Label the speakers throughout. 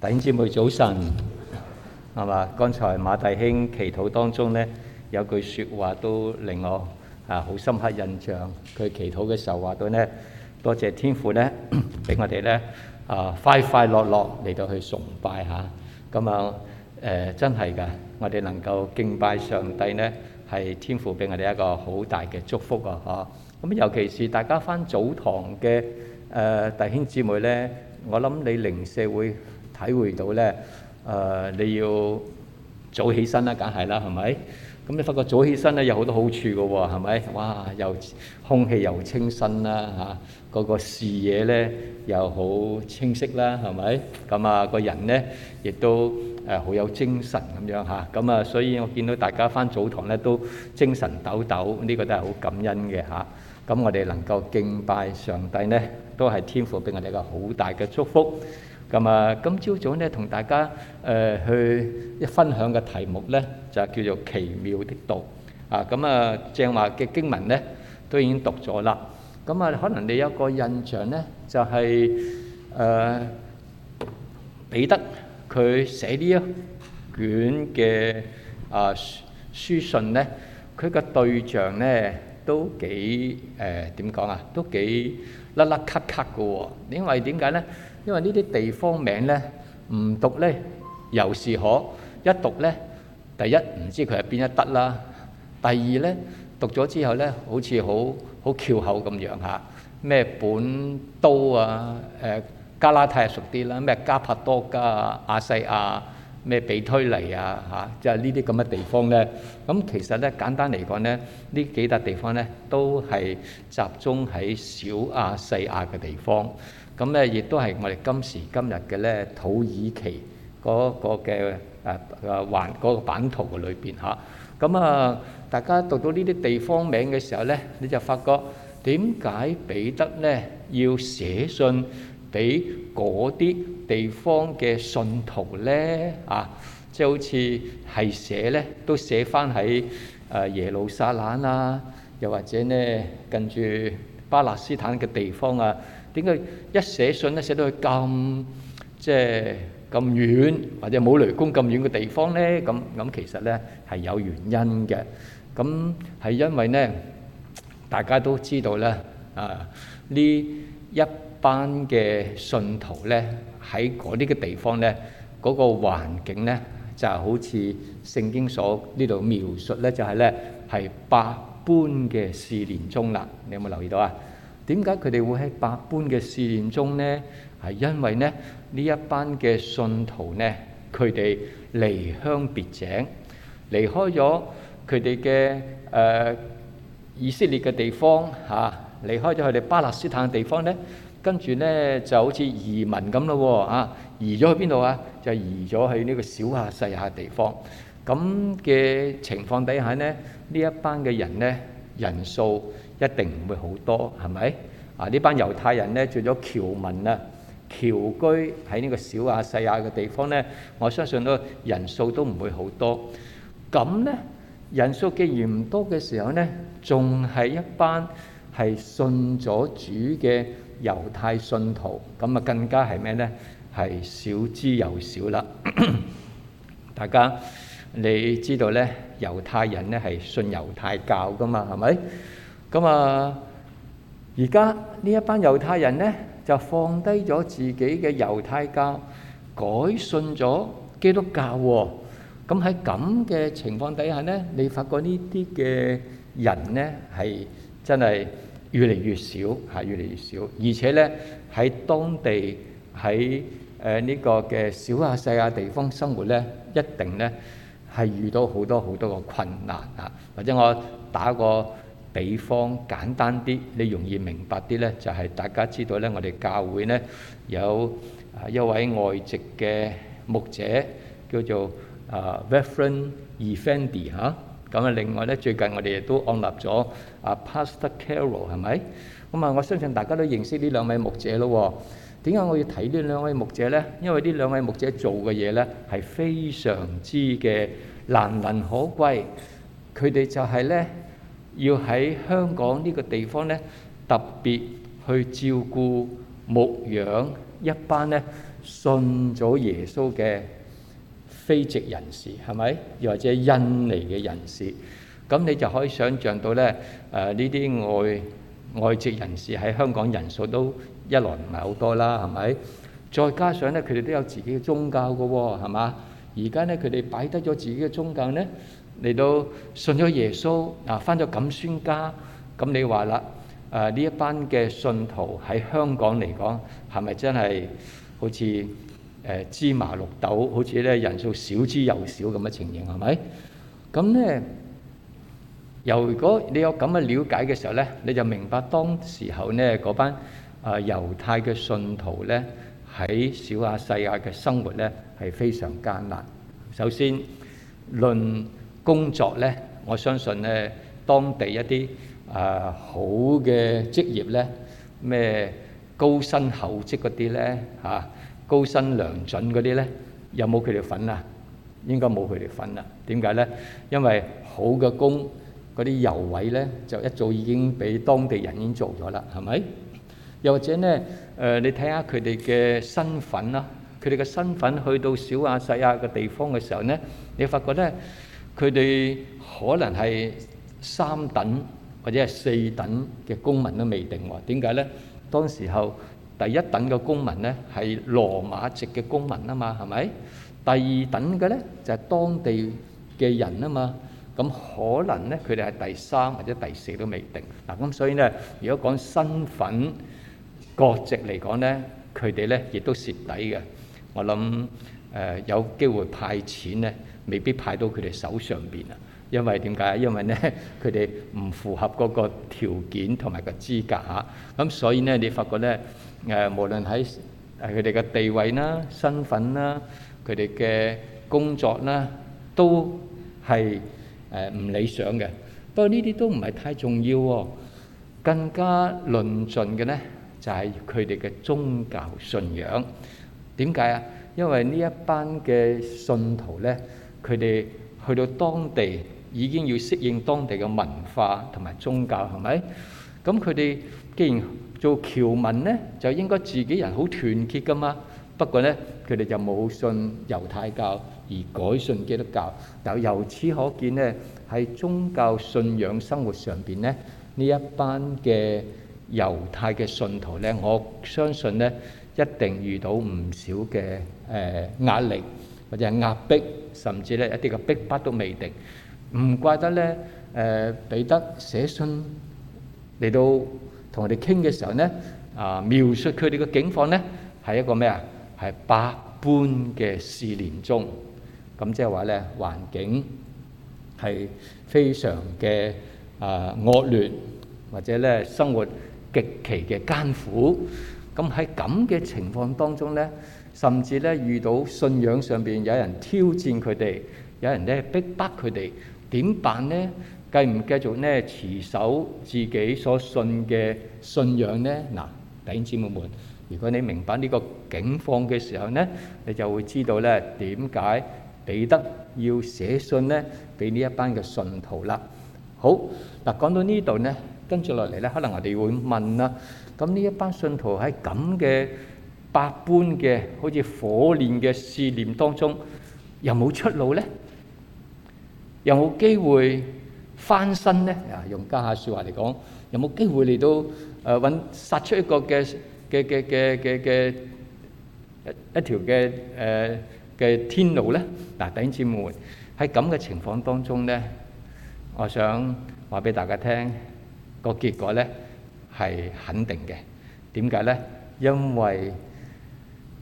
Speaker 1: 弟兄姊妹早晨，係嘛？剛才馬弟兄祈禱當中咧，有句説話都令我啊好深刻印象。佢祈禱嘅時候話到咧，多謝天父咧，俾我哋咧啊快快樂樂嚟到去崇拜嚇。咁啊誒，真係噶，我哋能夠敬拜上帝咧，係天父俾我哋一個好大嘅祝福啊！嚇咁尤其是大家返早堂嘅誒弟兄姊妹咧，我諗你零舍會體會到咧，誒，你要早起身啦，梗係啦，係咪？咁你發覺早起身咧有好多好處嘅喎，係咪？哇，又空氣又清新啦，嚇，嗰個視野咧又好清晰啦，係咪？咁啊，個人咧亦都誒好有精神咁樣嚇，咁啊，所以我見到大家返早堂咧都精神抖抖，呢個都係好感恩嘅嚇。咁我哋能夠敬拜上帝咧，都係天父俾我哋一個好大嘅祝福。咁啊，今朝早咧同大家誒去一分享嘅題目咧，就係叫做奇妙的道啊！咁啊，正話嘅經文咧都已經讀咗啦。咁啊，可能你有個印象咧，就係誒彼得佢寫呢一卷嘅啊書書信咧，佢嘅對象咧都幾誒點講啊，都幾甩甩咳咳嘅喎。因為點解咧？因為呢啲地方名呢，唔讀呢，又是可一讀呢。第一唔知佢係邊一得啦，第二呢讀咗之後呢，好似好好翹口咁樣嚇、啊，咩本都啊，加拉太熟啲啦，咩加帕多加亞亞啊、亞細亞，咩比推尼啊嚇，即係呢啲咁嘅地方呢。咁、啊、其實呢，簡單嚟講呢，呢幾笪地方呢，都係集中喺小亞細亞嘅地方。咁咧，亦都係我哋今時今日嘅咧土耳其嗰個嘅誒誒環嗰個版圖嘅裏邊嚇。咁啊，大家讀到呢啲地方名嘅時候咧，你就發覺點解彼得咧要寫信俾嗰啲地方嘅信徒咧啊？即係好似係寫咧，都寫翻喺誒耶路撒冷啊，又或者咧近住巴勒斯坦嘅地方啊。點解一寫信呢寫到去咁即係咁遠，或者冇雷公咁遠嘅地方呢？咁咁其實呢係有原因嘅。咁係因為呢，大家都知道呢，啊呢一班嘅信徒呢喺嗰啲嘅地方呢，嗰個環境呢就係好似聖經所呢度描述呢，就係呢係百般嘅試煉中啦。你有冇留意到啊？點解佢哋會喺百般嘅試驗中咧？係因為咧呢一班嘅信徒咧，佢哋離鄉別井，離開咗佢哋嘅誒以色列嘅地方嚇，離開咗佢哋巴勒斯坦嘅地方咧，跟住咧就好似移民咁咯喎嚇，移咗去邊度啊？就移咗去呢個小亞細亞地方。咁嘅情況底下咧，呢一班嘅人咧。人數一定唔會好多，係咪？啊，呢班猶太人咧，做咗僑民啊，僑居喺呢個小亞細亞嘅地方咧，我相信都人數都唔會好多。咁咧，人數既然唔多嘅時候咧，仲係一班係信咗主嘅猶太信徒，咁啊更加係咩咧？係少之又少啦。大家。你知道咧，猶太人咧係信猶太教㗎嘛？係咪？咁啊，而家呢一班猶太人咧就放低咗自己嘅猶太教，改信咗基督教喎。咁喺咁嘅情況底下咧，你發覺呢啲嘅人咧係真係越嚟越少，係越嚟越少，而且咧喺當地喺誒呢個嘅小亞細亞地方生活咧，一定咧，係遇到好多好多個困難啊！或者我打個比方簡單啲，你容易明白啲呢，就係大家知道呢，我哋教會呢有啊一位外籍嘅牧者叫做啊 Reverend Effendi 吓。咁啊，另外呢最近我哋亦都按立咗啊 Pastor Carol，係咪？咁啊，我相信大家都認識呢兩位牧者咯。點解我要睇呢兩位牧者咧？因為呢兩位牧者做嘅嘢咧，係非常之嘅難能可貴。佢哋就係咧，要喺香港呢個地方咧，特別去照顧牧養一班咧信咗耶穌嘅非籍人士，係咪？又或者印尼嘅人士？咁你就可以想像到咧，誒呢啲外外籍人士喺香港人數都，一來唔係好多啦，係咪？再加上咧，佢哋都有自己嘅宗教嘅喎，係嘛？而家咧，佢哋擺低咗自己嘅宗教咧，嚟到信咗耶穌，嗱，翻咗咁宣教，咁你話啦，誒呢一班嘅信徒喺香港嚟講，係咪真係好似誒芝麻綠豆，好似咧人數少之又少咁嘅情形，係咪？咁咧，由如果你有咁嘅瞭解嘅時候咧，你就明白當時候咧嗰班。啊！猶太嘅信徒咧，喺小亞細亞嘅生活咧，係非常艱難。首先，論工作咧，我相信咧，當地一啲啊好嘅職業咧，咩高薪厚職嗰啲咧嚇，高薪良準嗰啲咧，有冇佢哋份啊？應該冇佢哋份啦。點解咧？因為好嘅工嗰啲油位咧，就一早已經俾當地人已經做咗啦，係咪？又或者呢，誒，你睇下佢哋嘅身份啦，佢哋嘅身份去到小亞細亞嘅地方嘅時候呢，你發覺呢，佢哋可能係三等或者係四等嘅公民都未定喎。點解呢？當時候第一等嘅公民呢係羅馬籍嘅公民啊嘛，係咪？第二等嘅呢就係當地嘅人啊嘛。咁可能呢佢哋係第三或者第四都未定。嗱，咁所以呢，如果講身份，國籍嚟講呢，佢哋呢亦都蝕底嘅。我諗誒有機會派錢呢，未必派到佢哋手上邊啊。因為點解？因為呢，佢哋唔符合嗰個條件同埋個資格嚇。咁所以呢，你發覺呢誒，無論喺誒佢哋嘅地位啦、身份啦、佢哋嘅工作啦，都係誒唔理想嘅。不過呢啲都唔係太重要喎，更加論盡嘅呢。就係佢哋嘅宗教信仰點解啊？因為呢一班嘅信徒呢，佢哋去到當地已經要適應當地嘅文化同埋宗教，係咪？咁佢哋既然做僑民呢，就應該自己人好團結㗎嘛。不過呢，佢哋就冇信猶太教而改信基督教。就由此可見呢，喺宗教信仰生活上邊呢，呢一班嘅。猶太嘅信徒咧，我相信咧一定遇到唔少嘅誒壓力或者壓迫，甚至咧一啲嘅逼迫都未定。唔怪得咧誒彼得寫信嚟到同我哋傾嘅時候咧，啊描述佢哋嘅境況咧係一個咩啊？係百般嘅試煉中。咁即係話咧環境係非常嘅啊惡劣，或者咧生活。極其嘅艱苦，咁喺咁嘅情況當中咧，甚至咧遇到信仰上邊有人挑戰佢哋，有人咧逼迫佢哋，點辦咧？繼唔繼續咧持守自己所信嘅信仰咧？嗱，弟兄姊妹們，如果你明白呢個境況嘅時候咧，你就會知道咧點解彼得要寫信咧俾呢一班嘅信徒啦。好，嗱，講到呢度咧。跟住落嚟咧，可能我哋會問啦。咁呢一班信徒喺咁嘅百般嘅好似火煉嘅試煉當中，有冇出路咧？有冇機會翻身咧？啊，用家下説話嚟講，有冇機會你都誒揾殺出一個嘅嘅嘅嘅嘅嘅一一條嘅誒嘅天路咧？嗱，弟兄姊妹喺咁嘅情況當中咧，我想話俾大家聽。個結果呢係肯定嘅，點解呢？因為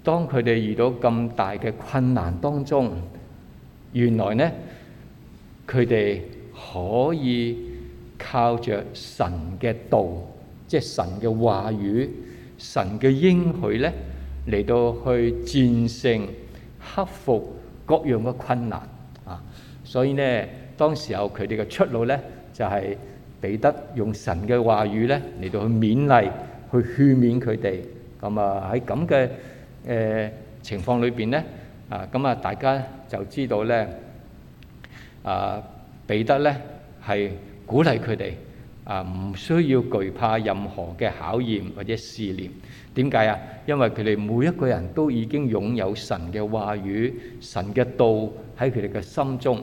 Speaker 1: 當佢哋遇到咁大嘅困難當中，原來呢佢哋可以靠著神嘅道，即係神嘅話語、神嘅應許呢，嚟到去戰勝、克服各樣嘅困難啊！所以呢，當時候佢哋嘅出路呢就係。彼得用神嘅話語呢嚟到去勉勵，去勸勉佢哋。咁啊喺咁嘅誒情況裏邊呢，啊咁啊大家就知道呢，啊彼得呢係鼓勵佢哋啊唔需要懼怕任何嘅考驗或者試驗。點解啊？因為佢哋每一個人都已經擁有神嘅話語、神嘅道喺佢哋嘅心中。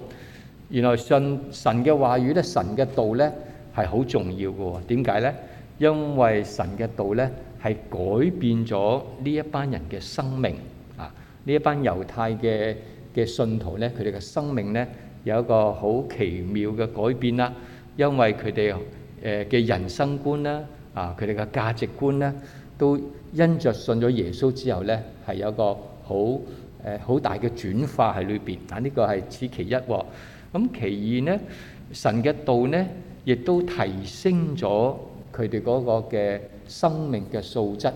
Speaker 1: 原來信神嘅話語呢，神嘅道呢。係好重要嘅喎？點解咧？因為神嘅道咧係改變咗呢一班人嘅生命啊！呢一班猶太嘅嘅信徒咧，佢哋嘅生命咧有一個好奇妙嘅改變啦。因為佢哋誒嘅人生觀啦啊，佢哋嘅價值觀咧，都因著信咗耶穌之後咧，係有一個好誒好大嘅轉化喺裏邊。啊，呢個係此其一喎。咁其二咧，神嘅道咧。亦都提升咗佢哋嗰個嘅生命嘅素質，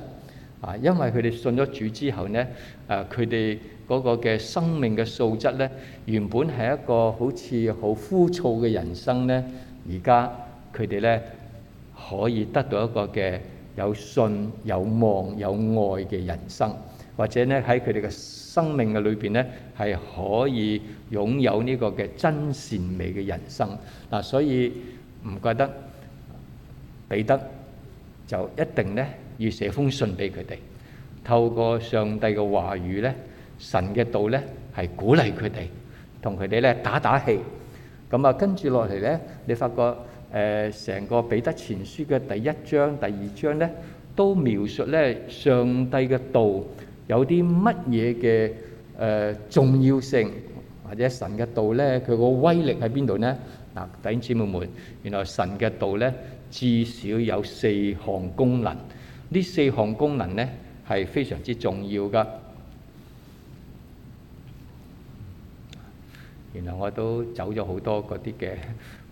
Speaker 1: 啊！因為佢哋信咗主之後咧，誒，佢哋嗰個嘅生命嘅素質咧，原本係一個好似好枯燥嘅人生咧，而家佢哋咧可以得到一個嘅有信有望有愛嘅人生，或者咧喺佢哋嘅生命嘅裏邊咧，係可以擁有呢個嘅真善美嘅人生嗱，所以。唔怪得彼得就一定呢要寫封信俾佢哋，透過上帝嘅話語呢，神嘅道呢係鼓勵佢哋，同佢哋呢打打氣。咁啊，跟住落嚟呢，你發覺誒成個彼得前書嘅第一章、第二章呢，都描述呢上帝嘅道有啲乜嘢嘅誒重要性，或者神嘅道呢，佢個威力喺邊度呢？弟兄姊妹們，原來神嘅道呢，至少有四項功能。呢四項功能呢，係非常之重要噶。原來我都走咗好多嗰啲嘅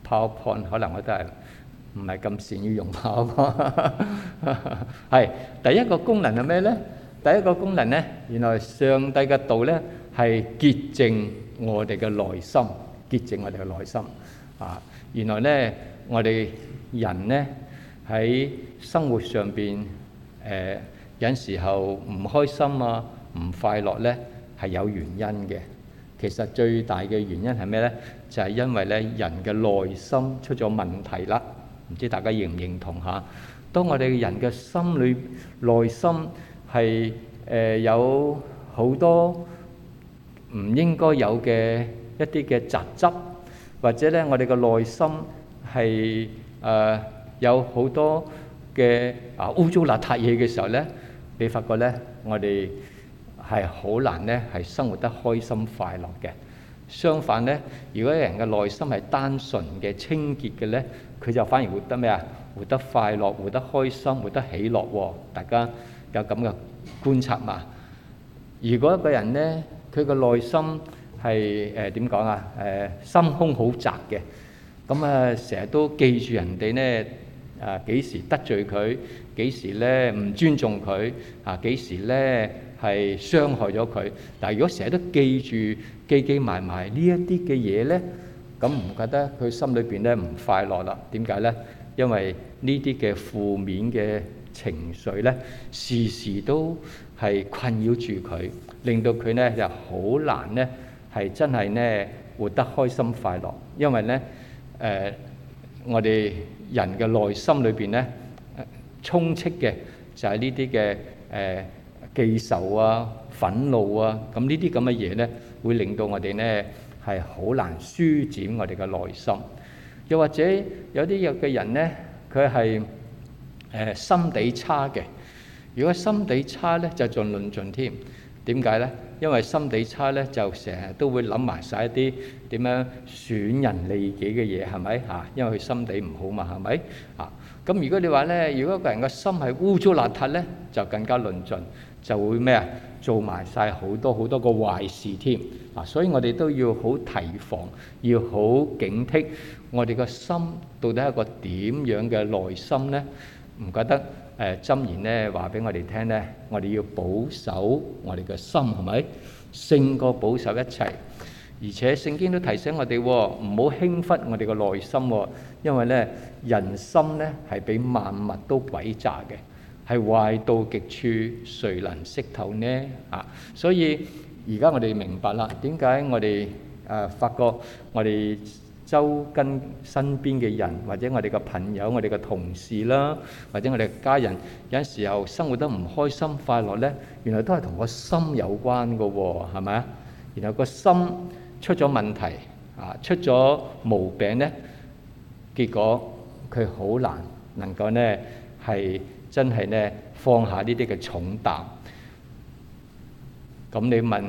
Speaker 1: PowerPoint，可能我都係唔係咁善於用 PowerPoint。係第一個功能係咩呢？第一個功能呢，原來上帝嘅道呢係潔淨我哋嘅內心，潔淨我哋嘅內心。啊！原來呢，我哋人呢喺生活上邊，誒有時候唔開心啊，唔快樂呢係有原因嘅。其實最大嘅原因係咩呢？就係因為呢人嘅內心出咗問題啦。唔知大家認唔認同吓？當我哋人嘅心裏內心係誒有好多唔應該有嘅一啲嘅雜質。或者咧，我哋嘅內心係誒有好多嘅啊污糟邋遢嘢嘅時候咧，你發覺咧，我哋係好難咧係生活得開心快樂嘅。相反咧，如果人嘅內心係單純嘅、清潔嘅咧，佢就反而活得咩啊？活得快樂、活得開心、活得喜樂喎。大家有咁嘅觀察嘛？如果一個人咧，佢嘅內心，係誒點講啊？誒心胸好窄嘅，咁啊，成日都記住人哋呢誒幾時得罪佢，幾時呢唔尊重佢啊，幾時呢係傷害咗佢。但係如果成日都記住記記埋埋呢一啲嘅嘢呢，咁唔覺得佢心裏邊呢唔快樂啦？點解呢？因為呢啲嘅負面嘅情緒呢，時時都係困擾住佢，令到佢呢就好難呢，係真係咧活得開心快樂，因為咧誒，我哋人嘅內心裏邊咧充斥嘅就係呢啲嘅誒記仇啊、憤怒啊，咁呢啲咁嘅嘢咧，會令到我哋咧係好難舒展我哋嘅內心。又或者有啲有嘅人咧，佢係誒心地差嘅。如果心地差咧，就盡論盡添。點解呢？因為心地差呢，就成日都會諗埋晒一啲點樣損人利己嘅嘢，係咪嚇？因為佢心地唔好嘛，係咪嚇？咁如果你話呢，如果一個人個心係污糟邋遢呢，就更加論盡，就會咩啊？做埋晒好多好多個壞事添啊！所以我哋都要好提防，要好警惕，我哋個心到底係一個點樣嘅內心呢？唔覺得誒，箴言呢，話俾我哋聽呢，我哋要保守我哋嘅心係咪勝過保守一切？而且聖經都提醒我哋唔好輕忽我哋嘅內心，因為呢，人心呢係比萬物都詭詐嘅，係壞到極處，誰能識透呢？啊！所以而家我哋明白啦，點解我哋誒發覺我哋？周跟身邊嘅人，或者我哋嘅朋友、我哋嘅同事啦，或者我哋嘅家人，有時候生活得唔開心、快樂咧，原來都係同個心有關嘅喎，係咪啊？然後個心出咗問題啊，出咗毛病咧，結果佢好難能夠咧係真係咧放下呢啲嘅重擔。咁你問，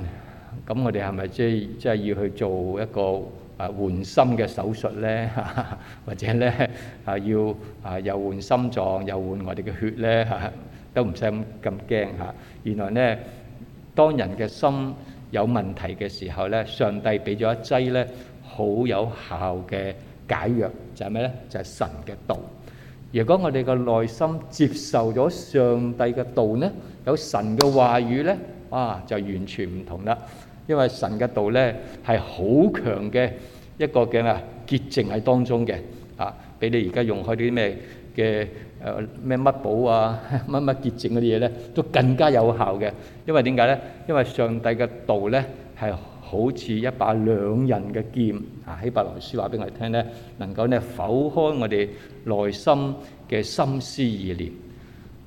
Speaker 1: 咁我哋係咪即係即係要去做一個？啊，換心嘅手術呢，因為神嘅道咧係好強嘅一個嘅啊潔淨喺當中嘅啊，俾你而家用開啲咩嘅誒咩乜寶啊乜乜潔淨嗰啲嘢咧，都更加有效嘅。因為點解咧？因為上帝嘅道咧係好似一把兩刃嘅劍啊！希伯來書話俾我哋聽咧，能夠咧剖開我哋內心嘅心思意念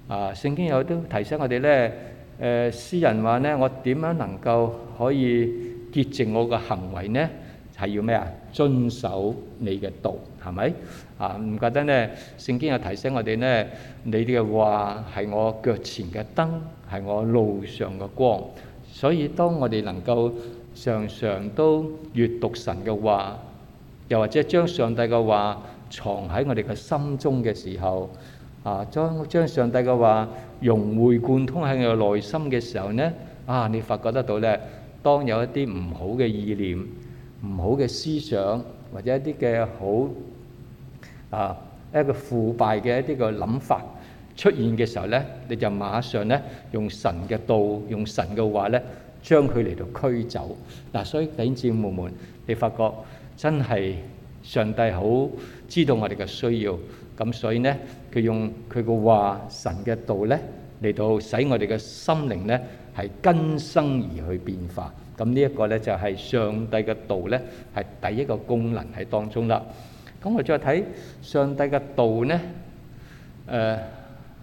Speaker 1: 啊！聖經有都提醒我哋咧。誒，詩人話呢，我點樣能夠可以潔淨我嘅行為呢？係要咩啊？遵守你嘅道，係咪啊？唔覺得呢？聖經又提醒我哋呢，你嘅話係我腳前嘅燈，係我路上嘅光。所以當我哋能夠常常都閱讀神嘅話，又或者將上帝嘅話藏喺我哋嘅心中嘅時候，啊，將將上帝嘅話融會貫通喺佢內心嘅時候咧，啊，你發覺得到咧，當有一啲唔好嘅意念、唔好嘅思想或者一啲嘅好啊，一個腐敗嘅一啲嘅諗法出現嘅時候咧，你就馬上咧用神嘅道、用神嘅話咧，將佢嚟到驅走嗱。所以弟兄姊妹們，你發覺真係上帝好知道我哋嘅需要。咁所以呢，佢用佢嘅話、神嘅道呢，嚟到使我哋嘅心靈呢係根生而去變化。咁呢一個呢就係上帝嘅道呢係第一個功能喺當中啦。咁我再睇上帝嘅道呢，誒。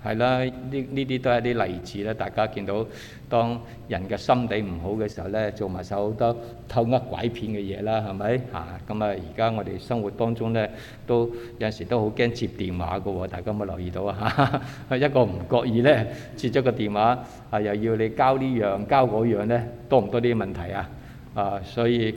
Speaker 1: 係啦，呢呢啲都係啲例子啦。大家見到當人嘅心地唔好嘅時候呢，做埋曬好多偷呃拐騙嘅嘢啦，係咪？嚇咁啊！而家我哋生活當中呢，都有陣時都好驚接電話嘅喎、哦。大家有冇留意到啊？一個唔覺意呢，接咗個電話，啊又要你交呢樣交嗰樣呢，多唔多啲問題啊？啊，所以。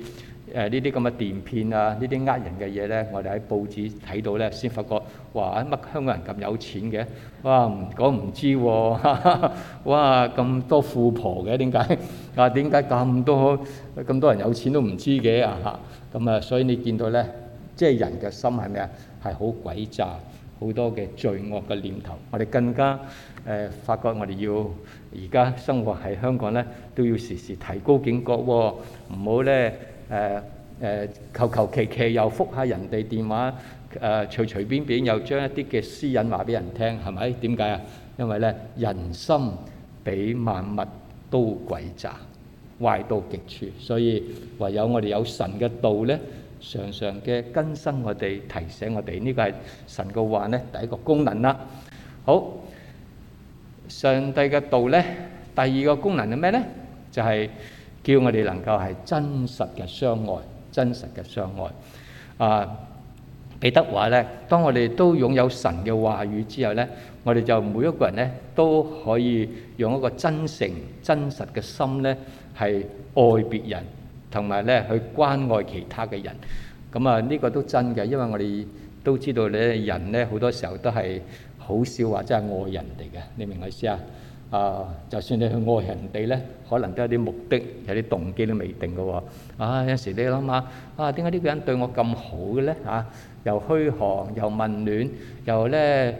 Speaker 1: 誒呢啲咁嘅電騙啊，呢啲呃人嘅嘢呢，我哋喺報紙睇到呢，先發覺哇！乜香港人咁有錢嘅？哇，唔講唔知喎、啊！哇，咁多富婆嘅點解？啊，點解咁多咁多人有錢都唔知嘅啊？嚇、嗯！咁啊、嗯，所以你見到呢，即係人嘅心係咩啊？係好詭詐，好多嘅罪惡嘅念頭。我哋更加誒、呃、發覺我，我哋要而家生活喺香港呢，都要時時提高警覺、啊，唔好呢。誒誒，求求其其又覆下人哋電話，誒隨隨便便又將一啲嘅私隱話俾人聽，係咪？點解啊？因為咧，人心比萬物都詭詐，壞到極處，所以唯有我哋有神嘅道咧，常常嘅更新我哋，提醒我哋，呢個係神嘅話咧第一個功能啦。好，上帝嘅道咧，第二個功能係咩咧？就係，叫我哋能夠係真實嘅相愛，真實嘅相愛。啊，彼得話咧，當我哋都擁有神嘅話語之後咧，我哋就每一個人咧都可以用一個真誠、真實嘅心咧，係愛別人，同埋咧去關愛其他嘅人。咁啊，呢個都真嘅，因為我哋都知道咧，人咧好多時候都係好少話真係愛人哋嘅，你明唔明我意思啊？啊，就算你去愛人哋呢，可能都有啲目的，有啲動機都未定嘅喎、哦。啊，有時你諗下，啊點解呢個人對我咁好嘅呢？嚇、啊，又噓寒又問暖，又呢誒、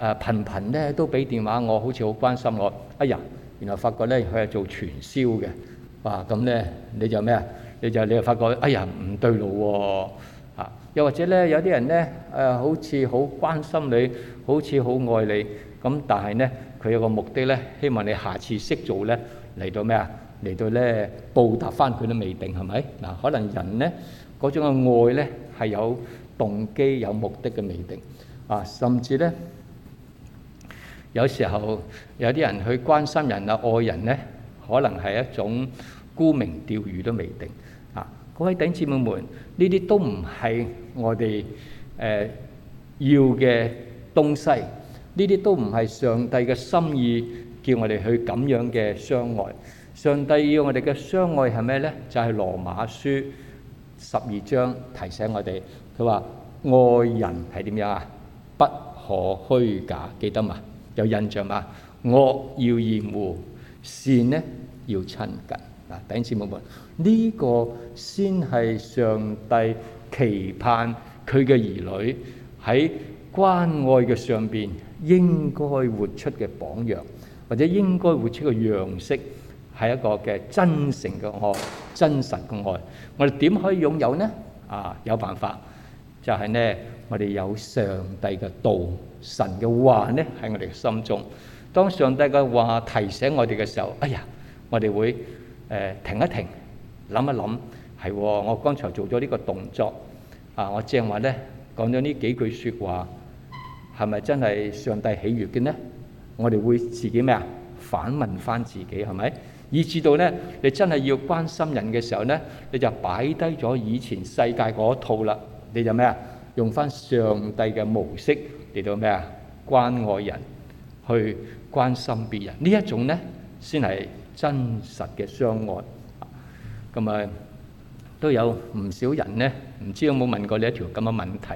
Speaker 1: 啊、頻頻呢都俾電話我，好似好關心我。哎呀，原來發覺呢佢係做傳銷嘅，哇、啊！咁呢，你就咩啊？你就你就發覺哎呀唔對路喎、哦啊。又或者呢，有啲人呢，誒、啊、好似好關心你，好似好愛你，咁但係呢。佢有個目的咧，希望你下次識做咧，嚟到咩啊？嚟到咧報答返佢都未定，係咪？嗱，可能人咧嗰種嘅愛咧係有動機、有目的嘅未定啊，甚至咧有時候有啲人去關心人啊、愛人咧，可能係一種沽名釣譽都未定啊。各位弟兄姊妹們，呢啲都唔係我哋誒要嘅東西。呢啲都唔係上帝嘅心意，叫我哋去咁樣嘅相愛。上帝要我哋嘅相愛係咩呢？就係《羅馬書》十二章提醒我哋，佢話愛人係點樣啊？不可虛假，記得嘛？有印象嘛？惡要厭惡，善呢要親近。嗱，弟兄姊妹們，呢個先係上帝期盼佢嘅兒女喺關愛嘅上邊應該活出嘅榜樣，或者應該活出嘅樣式，係一個嘅真誠嘅愛、真實嘅愛。我哋點可以擁有呢？啊，有辦法，就係、是、呢，我哋有上帝嘅道、神嘅話呢，喺我哋心中。當上帝嘅話提醒我哋嘅時候，哎呀，我哋會、呃、停一停，諗一諗，係、哦、我剛才做咗呢個動作，啊，我正話呢講咗呢幾句説話。係咪真係上帝喜悅嘅呢？我哋會自己咩啊？反問翻自己係咪？以至到呢，你真係要關心人嘅時候呢，你就擺低咗以前世界嗰套啦。你就咩啊？用翻上帝嘅模式嚟到咩啊？關愛人，去關心別人呢一種呢，先係真實嘅相愛。咁啊，都有唔少人呢，唔知有冇問過你一條咁嘅問題。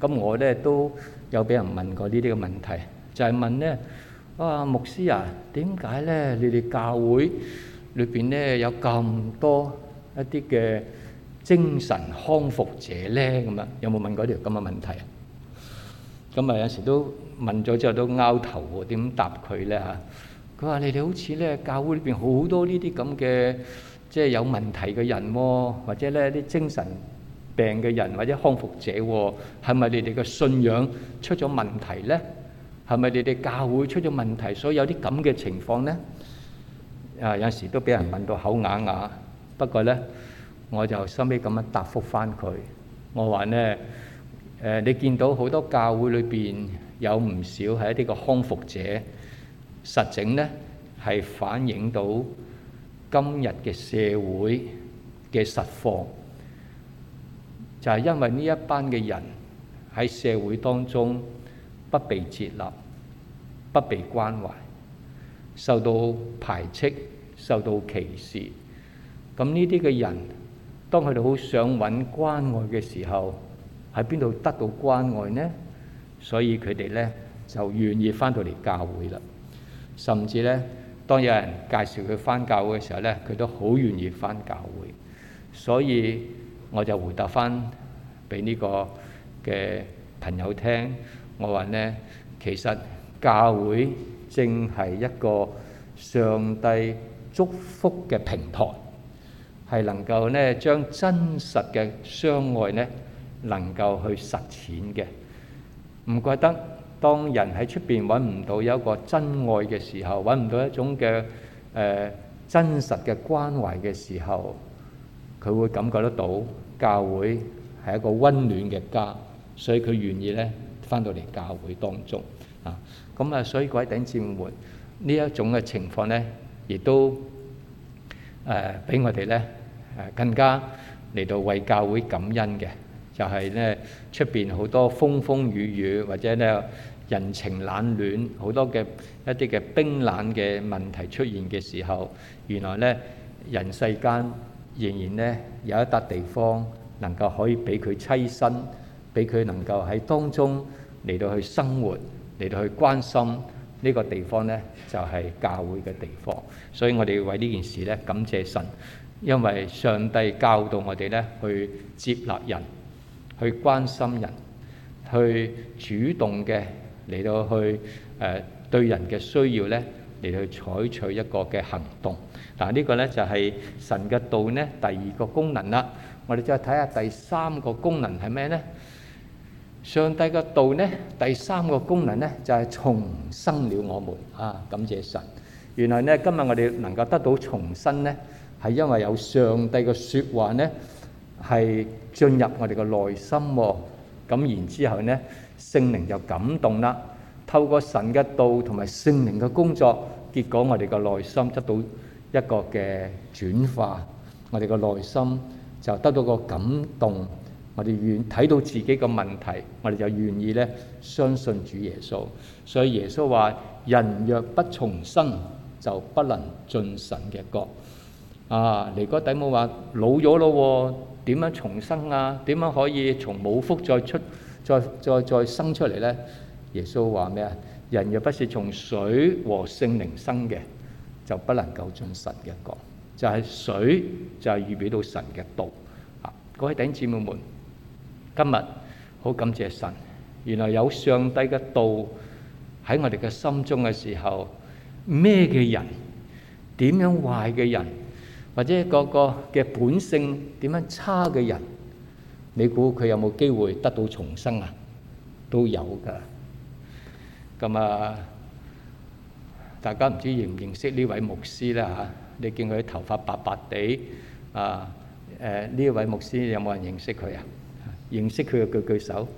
Speaker 1: 咁我呢都。有俾人問過呢啲嘅問題，就係問呢：啊牧師啊，點解呢？你哋教會裏邊呢有咁多一啲嘅精神康復者呢？咁啊，有冇問過呢條咁嘅問題？咁啊，有時都問咗之後都拗頭喎，點答佢呢？嚇！佢話你哋好似呢教會裏邊好多呢啲咁嘅即係有問題嘅人喎，或者呢啲精神病嘅人或者康復者，係咪你哋嘅信仰出咗問題咧？係咪你哋教會出咗問題，所以有啲咁嘅情況咧？啊，有時都俾人問到口啞啞。不過咧，我就收尾咁樣答覆翻佢。我話咧，誒、呃，你見到好多教會裏邊有唔少係一啲嘅康復者，實證咧，係反映到今日嘅社會嘅實況。就係因為呢一班嘅人喺社會當中不被接納、不被關懷、受到排斥、受到歧視，咁呢啲嘅人當佢哋好想搵關愛嘅時候，喺邊度得到關愛呢？所以佢哋呢，就願意返到嚟教會啦。甚至呢，當有人介紹佢返教會嘅時候呢，佢都好願意返教會。所以我就回答翻俾呢個嘅朋友聽，我話呢，其實教會正係一個上帝祝福嘅平台，係能夠呢將真實嘅相愛呢能夠去實踐嘅。唔怪得當人喺出邊揾唔到有一個真愛嘅時候，揾唔到一種嘅誒真實嘅關懷嘅時候，佢會感覺得到。教會係一個温暖嘅家，所以佢願意呢返到嚟教會當中啊。咁啊，所以各位頂戰士們呢一種嘅情況呢，亦都誒俾、呃、我哋呢更加嚟到為教會感恩嘅，就係、是、呢出邊好多風風雨雨或者呢人情冷暖，好多嘅一啲嘅冰冷嘅問題出現嘅時候，原來呢人世間，仍然咧有一笪地方能夠可以俾佢棲身，俾佢能夠喺當中嚟到去生活，嚟到去關心呢個地方咧，就係教會嘅地方。所以我哋要為呢件事咧感謝神，因為上帝教導我哋咧去接納人，去關心人，去主動嘅嚟到去誒對人嘅需要咧。嚟去採取一個嘅行動，嗱呢個咧就係神嘅道咧第二個功能啦。我哋再睇下第三個功能係咩咧？上帝嘅道咧第三個功能咧就係重生了我們啊！感謝神。原來咧今日我哋能夠得到重生咧，係因為有上帝嘅説話咧係進入我哋嘅內心喎。咁然之後咧聖靈就感動啦。透過神嘅道同埋聖靈嘅工作，結果我哋嘅內心得到一個嘅轉化，我哋嘅內心就得到個感動，我哋願意睇到自己嘅問題，我哋就願意咧相信主耶穌。所以耶穌話：人若不重生，就不能進神嘅國。啊！尼哥底母話：老咗咯，點樣重生啊？點樣可以從母腹再出，再再再生出嚟呢？耶穌話咩啊？人若不是從水和聖靈生嘅，就不能夠進神嘅國。就係水就係預備到神嘅道啊！各位弟兄姊妹們，今日好感謝神。原來有上帝嘅道喺我哋嘅心中嘅時候，咩嘅人，點樣壞嘅人，或者個個嘅本性點樣差嘅人，你估佢有冇機會得到重生啊？都有㗎。咁啊，大家唔知認唔認識呢位牧師呢吓？你見佢啲頭髮白白地啊？誒，呢一位牧師有冇人認識佢啊？認識佢嘅舉舉手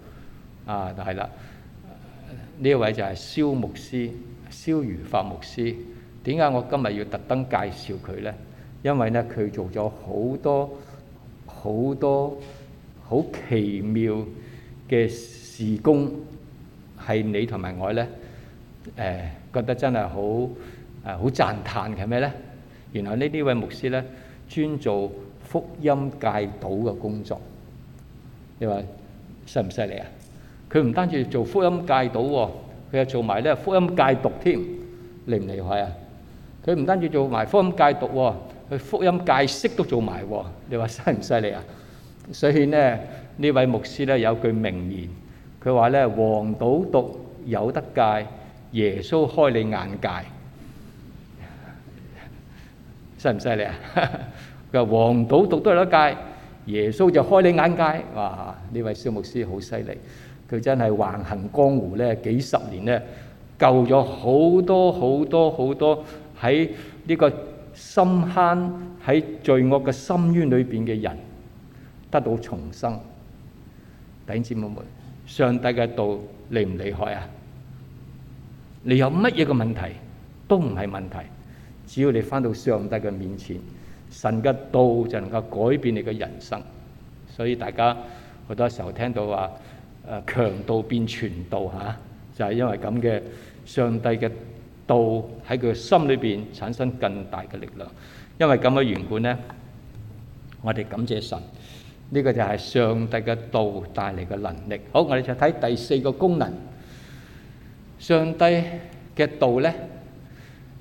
Speaker 1: 啊，就係啦。呢一位就係蕭牧師，蕭如發牧師。點解我今日要特登介紹佢呢？因為呢，佢做咗好多好多好奇妙嘅事工。係你同埋我咧，誒覺得真係好誒好讚歎嘅係咩咧？原來呢呢位牧師咧專做福音戒賭嘅工作，你話犀唔犀利啊？佢唔單止做福音戒賭喎，佢又做埋咧福音戒毒添，厲唔厲害啊？佢唔單止做埋福音戒毒喎，佢福音戒色都做埋喎，你話犀唔犀利啊？所以咧呢位牧師咧有句名言。佢話咧：黃賭毒有得戒，耶穌開你眼界，犀唔犀利啊？佢話黃賭毒都有得戒，耶穌就開你眼界。哇！呢位小牧師好犀利，佢真係橫行江湖咧，幾十年咧救咗好多好多好多喺呢個深坑喺罪惡嘅深淵裏邊嘅人，得到重生。頂尖冇冇？上帝嘅道厲唔厲害啊？你有乜嘢嘅問題都唔係問題，只要你翻到上帝嘅面前，神嘅道就能夠改變你嘅人生。所以大家好多時候聽到話誒強盜變傳道吓，就係因為咁嘅上帝嘅道喺佢心裏邊產生更大嘅力量。因為咁嘅緣故咧，我哋感謝神。呢個就係上帝嘅道帶嚟嘅能力。好，我哋就睇第四個功能。上帝嘅道呢，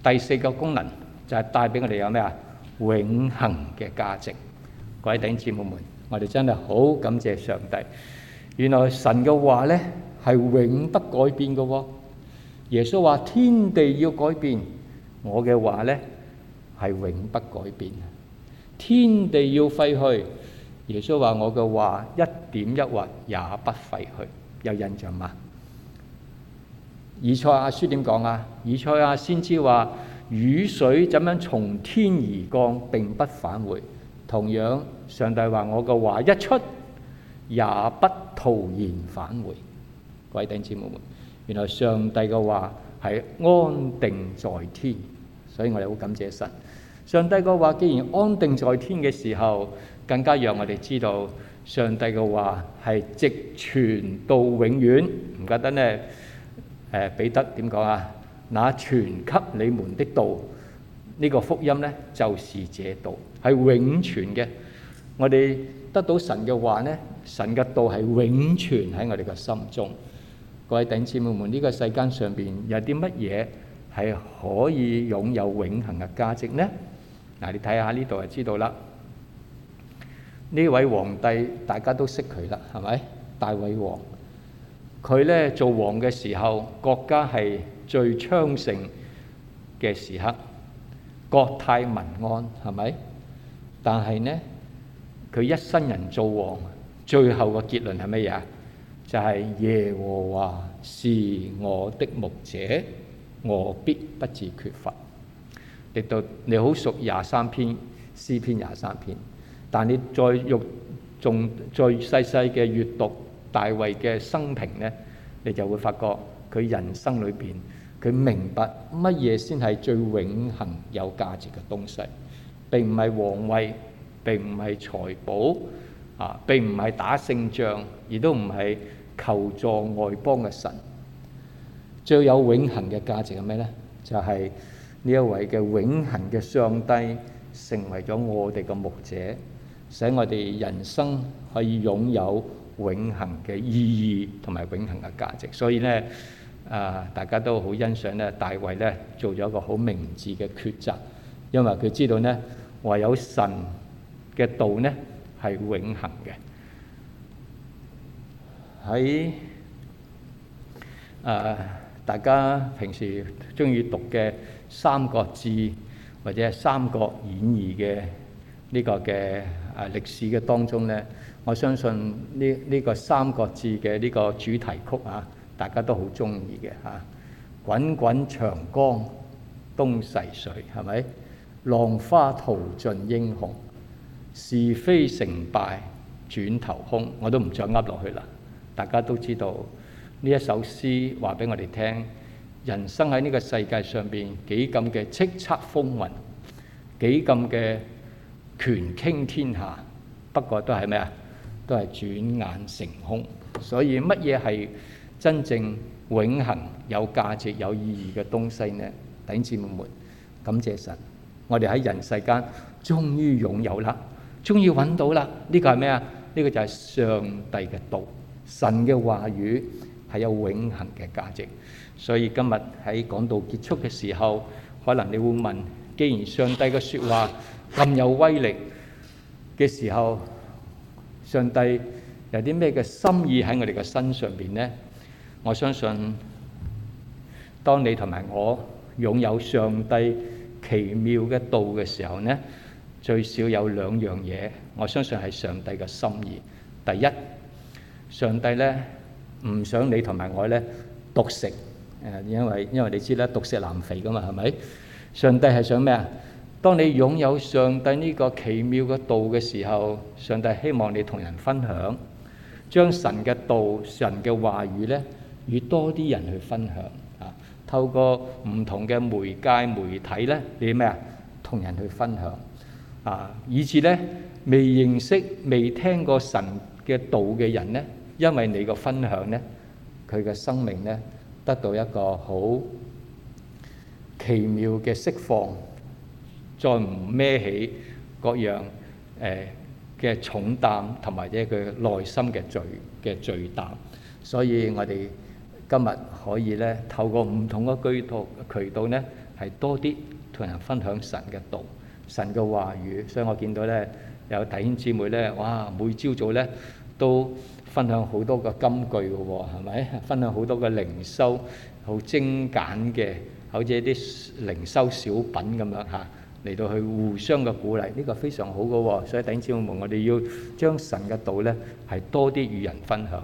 Speaker 1: 第四個功能就係帶俾我哋有咩啊？永恆嘅價值。各位弟兄姊妹們，我哋真係好感謝上帝。原來神嘅話呢係永不改變嘅喎。耶穌話：天地要改變，我嘅話呢係永不改變。天地要廢去。耶穌話：我嘅話一點一劃也不廢去，有印象嗎？以賽亞書點講啊？以賽亞先知話：雨水怎樣從天而降，並不返回。同樣，上帝話：我嘅話一出，也不徒然返回。各位弟兄姊妹們，原來上帝嘅話係安定在天，所以我哋好感謝神。上帝嘅話既然安定在天嘅時候，更加讓我哋知道上帝嘅話係直傳到永遠，唔覺得呢？誒，彼得點講啊？那傳給你們的道，呢個福音呢，就是這道，係永存嘅。我哋得到神嘅話呢，神嘅道係永存喺我哋嘅心中。各位弟兄姊妹們，呢個世間上邊有啲乜嘢係可以擁有永恆嘅價值呢？嗱，你睇下呢度就知道啦。呢位皇帝大家都識佢啦，係咪？大衛王，佢呢做王嘅時候，國家係最昌盛嘅時刻，國泰民安，係咪？但係呢，佢一生人做王，最後嘅結論係乜嘢？就係耶和華是我的牧者，我必不致缺乏。嚟到你好熟廿三篇詩篇廿三篇。但你再用仲再細細嘅閱讀大衛嘅生平咧，你就會發覺佢人生裏邊，佢明白乜嘢先係最永恆有價值嘅東西？並唔係皇位，並唔係財寶啊，並唔係打勝仗，亦都唔係求助外邦嘅神。最有永恆嘅價值係咩咧？就係呢一位嘅永恆嘅上帝成為咗我哋嘅牧者。使我哋人生可以擁有永恆嘅意義同埋永恆嘅價值。所以呢，啊，大家都好欣賞呢，大衛呢做咗一個好明智嘅抉擇，因為佢知道呢唯有神嘅道呢係永恆嘅。喺啊，大家平時鍾意讀嘅《三國志》或者《三國演義》嘅呢個嘅。誒歷史嘅當中呢，我相信呢呢個《三國志》嘅呢個主題曲啊，大家都好中意嘅嚇。滾滾長江東逝水，係咪？浪花淘盡英雄，是非成敗轉頭空，我都唔再噏落去啦。大家都知道呢一首詩話俾我哋聽，人生喺呢個世界上邊幾咁嘅叱咤風雲，幾咁嘅～權傾天下，不過都係咩啊？都係轉眼成空。所以乜嘢係真正永恆、有價值、有意義嘅東西呢？弟兄姊妹，感謝神，我哋喺人世間終於擁有啦，終於揾到啦。呢個係咩啊？呢個就係上帝嘅道，神嘅話語係有永恆嘅價值。所以今日喺講道結束嘅時候，可能你會問：既然上帝嘅說話咁有威力嘅時候，上帝有啲咩嘅心意喺我哋嘅身上邊呢？我相信，當你同埋我擁有上帝奇妙嘅道嘅時候呢，最少有兩樣嘢，我相信係上帝嘅心意。第一，上帝呢唔想你同埋我呢獨食，誒，因為因為你知啦，獨食難肥噶嘛，係咪？上帝係想咩啊？當你擁有上帝呢個奇妙嘅道嘅時候，上帝希望你同人分享，將神嘅道、神嘅話語呢，與多啲人去分享啊！透過唔同嘅媒介、媒體呢，你咩啊？同人去分享啊！以致呢，未認識、未聽過神嘅道嘅人呢，因為你個分享呢，佢嘅生命呢得到一個好奇妙嘅釋放。再唔孭起各樣誒嘅重擔，同埋啲佢內心嘅罪嘅罪擔，所以我哋今日可以咧透過唔同嘅渠道渠道咧，係多啲同人分享神嘅道、神嘅話語。所以我見到咧有弟兄姊妹咧，哇！每朝早咧都分享好多個金句嘅喎，係咪？分享好多個靈修好精簡嘅，好似一啲靈修小品咁樣嚇。嚟到去互相嘅鼓勵，呢個非常好嘅喎，所以弟兄姊妹，我哋要將神嘅道咧係多啲與人分享。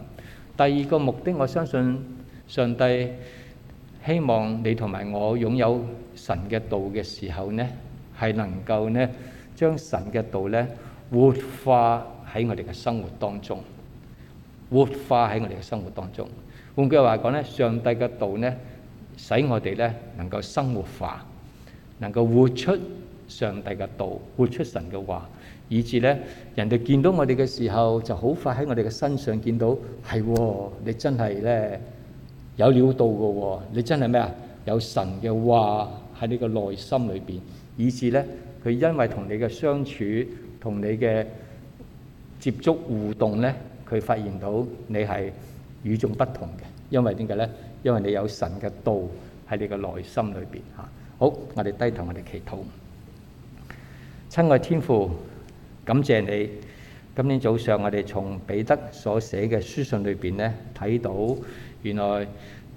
Speaker 1: 第二個目的，我相信上帝希望你同埋我擁有神嘅道嘅時候咧，係能夠咧將神嘅道咧活化喺我哋嘅生活當中，活化喺我哋嘅生活當中。換句話講咧，上帝嘅道咧使我哋咧能夠生活化，能夠活出。上帝嘅道活出神嘅話，以至呢人哋見到我哋嘅時候，就好快喺我哋嘅身上見到係，哎、你真係呢，有料到嘅喎，你真係咩啊？有神嘅話喺你嘅內心裏邊，以至呢，佢因為同你嘅相處同你嘅接觸互動呢，佢發現到你係與眾不同嘅。因為點解呢？因為你有神嘅道喺你嘅內心裏邊，嚇。好，我哋低頭，我哋祈禱。親愛天父，感謝你！今天早上我哋從彼得所寫嘅書信裏邊呢，睇到原來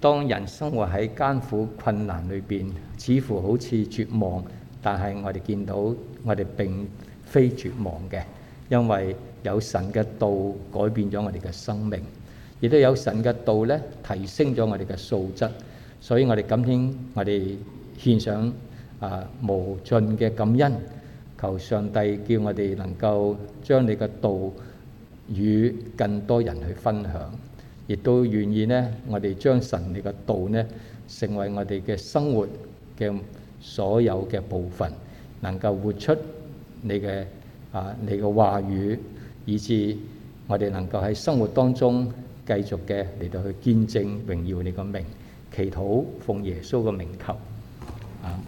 Speaker 1: 當人生活喺艱苦困難裏邊，似乎好似絕望，但係我哋見到我哋並非絕望嘅，因為有神嘅道改變咗我哋嘅生命，亦都有神嘅道呢提升咗我哋嘅素質，所以我哋今天我哋獻上啊無盡嘅感恩。求上帝叫我哋能夠將你嘅道與更多人去分享，亦都願意呢，我哋將神你嘅道呢成為我哋嘅生活嘅所有嘅部分，能夠活出你嘅啊你嘅話語，以致我哋能夠喺生活當中繼續嘅嚟到去見證榮耀你個名，祈禱奉耶穌嘅名求啊！